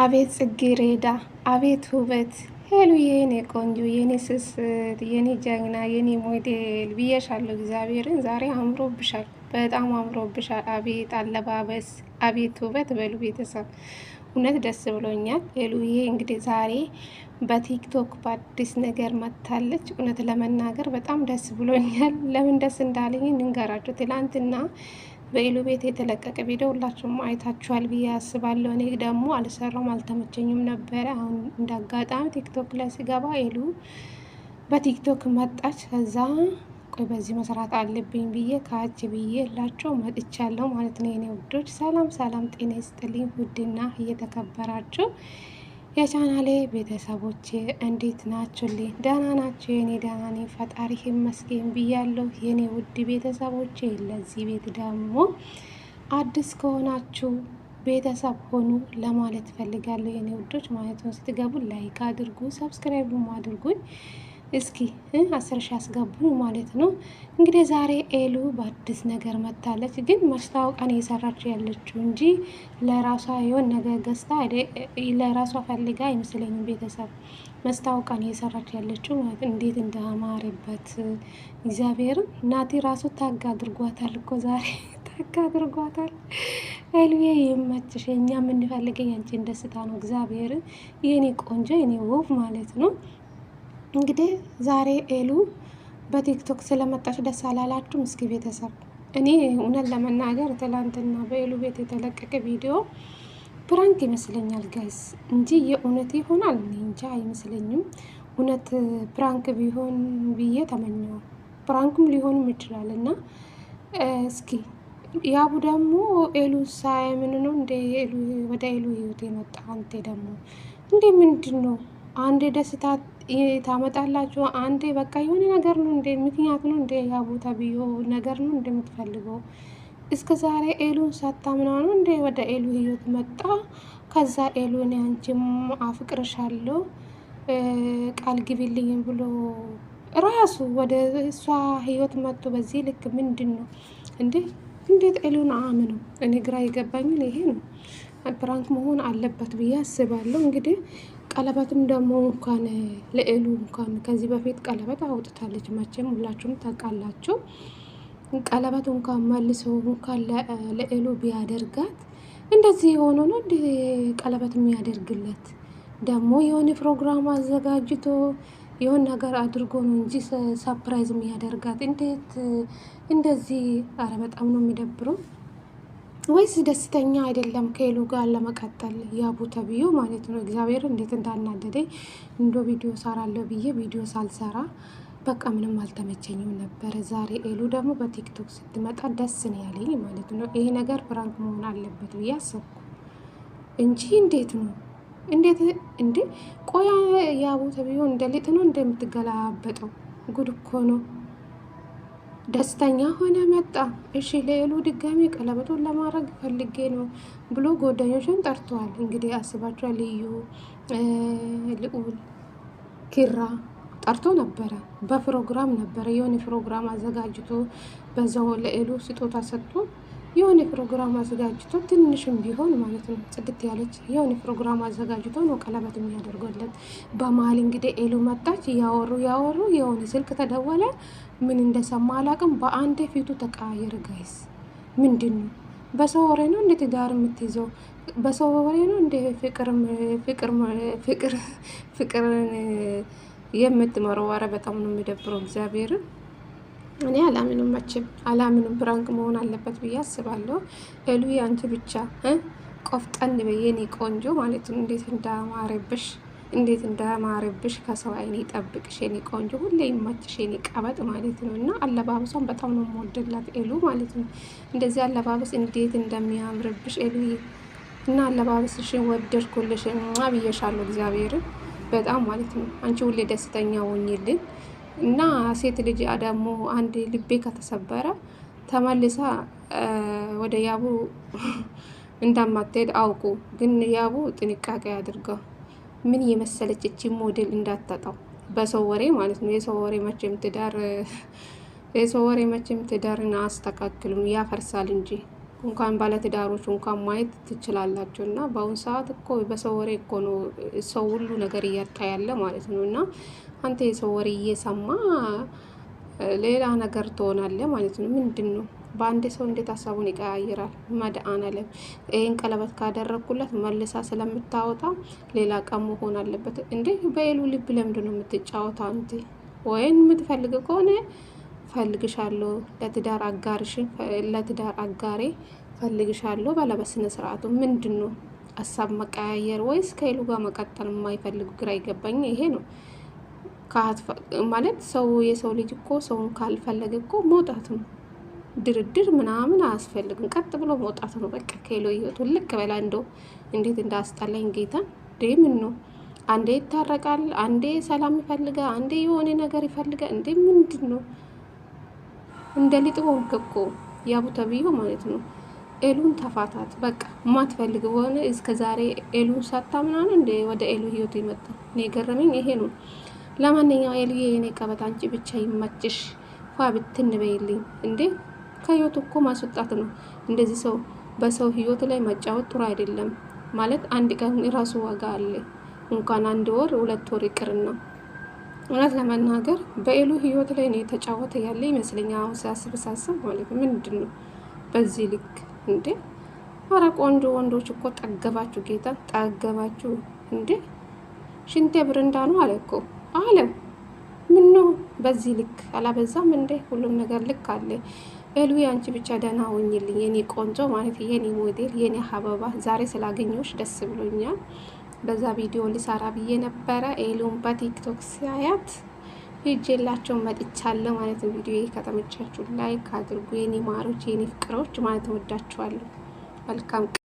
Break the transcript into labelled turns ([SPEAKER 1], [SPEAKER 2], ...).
[SPEAKER 1] አቤት ጽጌረዳ፣ አቤት ውበት ሄሉ፣ የኔ ቆንጆ፣ የኔ ስስት፣ የኔ ጀግና፣ የኔ ሞዴል ብዬሻለሁ። እግዚአብሔርን ዛሬ አምሮብሻል፣ በጣም አምሮብሻል። አቤት አለባበስ፣ አቤት ውበት በሉ ቤተሰብ፣ እውነት ደስ ብሎኛል። ሄሉዬ እንግዲህ ዛሬ በቲክቶክ በአዲስ ነገር መታለች። እውነት ለመናገር በጣም ደስ ብሎኛል። ለምን ደስ እንዳለኝ እንንገራቸው። ትላንትና በኢሉ ቤት የተለቀቀ ቪዲዮ ሁላችሁም አይታችኋል ብዬ አስባለሁ። እኔ ደግሞ አልሰራውም አልተመቸኝም ነበረ። አሁን እንዳጋጣሚ ቲክቶክ ላይ ሲገባ ኢሉ በቲክቶክ መጣች። ከዛ ቆይ በዚህ መስራት አለብኝ ብዬ ከአች ብዬ ላቸው መጥቻለሁ ማለት ነው። የኔ ውዶች ሰላም ሰላም፣ ጤና ይስጥልኝ ውድና እየተከበራቸው የቻናሌ ቤተሰቦች እንዴት ናችሁልኝ? ደህና ናችሁ? የኔ ደህና ነኝ ፈጣሪ ይመስገን ብያለሁ። የኔ ውድ ቤተሰቦች ለዚህ ቤት ደግሞ አዲስ ከሆናችሁ ቤተሰብ ሆኑ ለማለት ፈልጋለሁ። የኔ ውዶች ማለት ነው። ስትገቡ ላይክ አድርጉ፣ ሰብስክራይብም አድርጉኝ። እስኪ አስር ሺ ያስገቡ ማለት ነው። እንግዲህ ዛሬ ኤሉ በአዲስ ነገር መታለች፣ ግን ማስታወቂያን እየሰራች ያለችው እንጂ ለራሷ የሆን ነገር ገዝታ ለራሷ ፈልጋ አይመስለኝ። ቤተሰብ ማስታወቂያን እየሰራች ያለችው ማለት እንዴት እንዳማረበት እግዚአብሔር ናቲ ራሱ ታግ አድርጓታል እኮ ዛሬ ታግ አድርጓታል። ኤልዬ ይመችሽ፣ እኛ የምንፈልገኝ አንቺን ደስታ ነው። እግዚአብሔር የኔ ቆንጆ የኔ ውብ ማለት ነው። እንግዲህ ዛሬ ኤሉ በቲክቶክ ስለመጣች ደስ አላላችሁ? እስኪ ቤተሰብ እኔ እውነት ለመናገር ትላንትና በኤሉ ቤት የተለቀቀ ቪዲዮ ፕራንክ ይመስለኛል ጋይስ እንጂ የእውነት ይሆናል እንጃ አይመስለኝም። እውነት ፕራንክ ቢሆን ብዬ ተመኘው። ፕራንክም ሊሆንም ይችላል እና እስኪ ያቡ ደግሞ ኤሉ ሳይ ምን ነው እንደ ወደ ኤሉ ህይወት የመጣ አንቴ ደግሞ እንዴ ምንድን ነው አንዴ ደስታት ታመጣላችሁ። አንዴ በቃ የሆነ ነገር ነው እንዴ ምክንያት ነው እንዴ ያ ቦታ ብዮ ነገር ነው እንደምትፈልገው እስከ ዛሬ ኤሉን ሳታምና ነው እንዴ ወደ ኤሉ ህይወት መጣ። ከዛ ኤሉን አንቺም አፍቅርሻለሁ ቃል ግቢልኝ ብሎ ራሱ ወደ እሷ ህይወት መጥቶ በዚህ ልክ ምንድን ነው እንዴ? እንዴት ኤሉን አምነው? እኔ ግራ የገባኝን ይሄ ነው። ፕራንክ መሆን አለበት ብዬ አስባለሁ እንግዲህ ቀለበትም ደግሞ እንኳን ለኤሉ እንኳን ከዚህ በፊት ቀለበት አውጥታለች። መቼም ሁላችሁም ታውቃላችሁ። ቀለበት እንኳን መልሶ እንኳን ለኤሉ ቢያደርጋት እንደዚህ የሆነ ነው እንደ ቀለበት የሚያደርግለት ደግሞ የሆነ ፕሮግራም አዘጋጅቶ የሆን ነገር አድርጎ ነው እንጂ ሰፕራይዝ የሚያደርጋት እንዴት እንደዚህ? አረ በጣም ነው የሚደብረው። ወይስ ደስተኛ አይደለም ከሄሉ ጋር ለመቀጠል ያቡ ተብዮ ማለት ነው። እግዚአብሔር እንዴት እንዳናደደኝ እንዶ ቪዲዮ ሰራለሁ ብዬ ቪዲዮ ሳልሰራ በቃ ምንም አልተመቸኝም ነበረ። ዛሬ ኤሉ ደግሞ በቲክቶክ ስትመጣ ደስ ነው ያለኝ ማለት ነው። ይሄ ነገር ፍራንክ መሆን አለበት ብዬ አሰብኩ እንጂ እንዴት ነው እንዴት እንዴ ቆያ ያቡ ተብዮ እንደ ሊጥ ነው እንደምትገላበጠው ጉድ እኮ ነው። ደስተኛ ሆነ መጣ። እሺ ለሄሉ ድጋሚ ቀለበቱን ለማድረግ ፈልጌ ነው ብሎ ጓደኞችን ጠርተዋል። እንግዲህ አስባቸዋ ልዩ ልዑል ኪራ ጠርቶ ነበረ። በፕሮግራም ነበረ የሆነ ፕሮግራም አዘጋጅቶ በዛው ለሄሉ ስጦታ ሰጥቶ የሆነ ፕሮግራም አዘጋጅቶ ትንሽም ቢሆን ማለት ነው ጽድት ያለች የሆነ ፕሮግራም አዘጋጅቶ ነው ቀለበት የሚያደርገለት። በመሀል እንግዲህ ኤሉ መጣች። ያወሩ ያወሩ የሆነ ስልክ ተደወለ። ምን እንደሰማ አላቅም። በአንድ ፊቱ ተቃየረ። ጋይስ ምንድን ነው? በሰው ወሬ ነው እንዴት ትዳር የምትይዘው? በሰው ወሬ ነው እንዴ ፍቅር ፍቅርን የምትመረው? ኧረ በጣም ነው የሚደብረው እግዚአብሔርን እኔ አላምንም መቼም አላምንም። ብራንክ መሆን አለበት ብዬ አስባለሁ። ሄሉ አንቺ ብቻ ቆፍጠን በይ የኔ ቆንጆ ማለት ነው። እንዴት እንዳማረብሽ እንዴት እንዳማረብሽ ከሰው አይኔ ይጠብቅሽ የኔ ቆንጆ፣ ሁሌ ይማችሽ የኔ ቀበጥ ማለት ነው። እና አለባበሷን በጣም ነው የምወደላት ሄሉ ማለት ነው። እንደዚህ አለባበስ እንዴት እንደሚያምርብሽ ሄሉ እና አለባበስሽን ወደድኩልሽ ብዬሻለሁ። እግዚአብሔርን በጣም ማለት ነው። አንቺ ሁሌ ደስተኛ ሆኝልን እና ሴት ልጅ ደግሞ አንድ ልቤ ከተሰበረ ተመልሳ ወደ ያቡ እንዳማትሄድ አውቁ። ግን ያቡ ጥንቃቄ አድርገው ምን የመሰለች እቺ ሞዴል እንዳታጣው በሰው ወሬ ማለት ነው። የሰው ወሬ መቼም ትዳር የሰው ወሬ መቼም ትዳርን አስተካክሉም ያፈርሳል እንጂ እንኳን ባለትዳሮች እንኳን ማየት ትችላላችሁ። እና በአሁኑ ሰዓት እኮ በሰው ወሬ እኮ ነው ሰው ሁሉ ነገር እያጣ ያለ ማለት ነው። እና አንተ የሰው ወሬ እየሰማ ሌላ ነገር ትሆናለ ማለት ነው። ምንድን ነው በአንድ ሰው እንዴት ሀሳቡን ይቀያይራል? መድአን አለም ይህን ቀለበት ካደረግኩለት መልሳ ስለምታወጣ ሌላ ቀን መሆን አለበት እንዴ? በኤሉ ልብ ለምንድን ነው የምትጫወታ? አንቴ ወይን የምትፈልግ ከሆነ ፈልግሻለሁ ለትዳር አጋርሽ ለትዳር አጋሬ ፈልግሻለሁ ባለ በስነ ስርዓቱ ምንድን ነው ሀሳብ መቀያየር ወይስ ከሌሉ ጋር መቀጠል የማይፈልጉ ግራ ይገባኝ። ይሄ ነው ማለት ሰው የሰው ልጅ እኮ ሰውን ካልፈለገ እኮ መውጣት ነው። ድርድር ምናምን አያስፈልግም። ቀጥ ብሎ መውጣት ነው በቃ። ከሌሎ ህይወቱ ልቅ በላ እንደው እንዴት እንዳስጠላኝ ጌታ ምን ነው አንዴ ይታረቃል፣ አንዴ ሰላም ይፈልጋል፣ አንዴ የሆነ ነገር ይፈልጋል። እንዴ ምንድን ነው? እንደ ሊጥ ሆንክ ያቡ ተብዮ ማለት ነው። ኤሉን ተፋታት በቃ ማትፈልግ ሆነ እስከ ዛሬ ኤሉን ሳታ ምናምን እንደ ወደ ኤሉ ህይወት ይመጣ እኔ ገረመኝ ይሄ ነው። ለማንኛው ኤሉ የኔ ቀበጥ አንቺ ብቻ ይመችሽ፣ ፋ ብትንበይልኝ እንዴ ከህይወቱ እኮ ማስወጣት ነው። እንደዚህ ሰው በሰው ህይወት ላይ መጫወት ጥሩ አይደለም ማለት አንድ ቀን የራሱ ዋጋ አለ። እንኳን አንድ ወር ሁለት ወር ይቅርና እውነት ለመናገር በኤሉ ህይወት ላይ ነው የተጫወተ ያለ ይመስለኛል። አሁን ሲያስብ ሳስብ ማለት ምንድን ነው በዚህ ልክ እንዴ! አረ ቆንጆ ወንዶች እኮ ጠገባችሁ፣ ጌታ ጠገባችሁ እንዴ! ሽንቴ ብርንዳ ነው አለ እኮ አለም። ምን ነው በዚህ ልክ አላበዛም እንዴ? ሁሉም ነገር ልክ አለ። ኤሉ አንቺ ብቻ ደህና ሆኝልኝ የኔ ቆንጆ ማለት የኔ ሞዴል የኔ አበባ፣ ዛሬ ስላገኘሁሽ ደስ ብሎኛል። በዛ ቪዲዮ ልሰራ ብዬ ነበረ። ኤሉን በቲክቶክ ሲያያት ይዤላቸው መጥቻለሁ ማለት ነው። ቪዲዮ ከተመቻችሁ ላይክ አድርጉ የኔ ማሮች፣ የኔ ፍቅሮች ማለት ወዳችኋለሁ። መልካም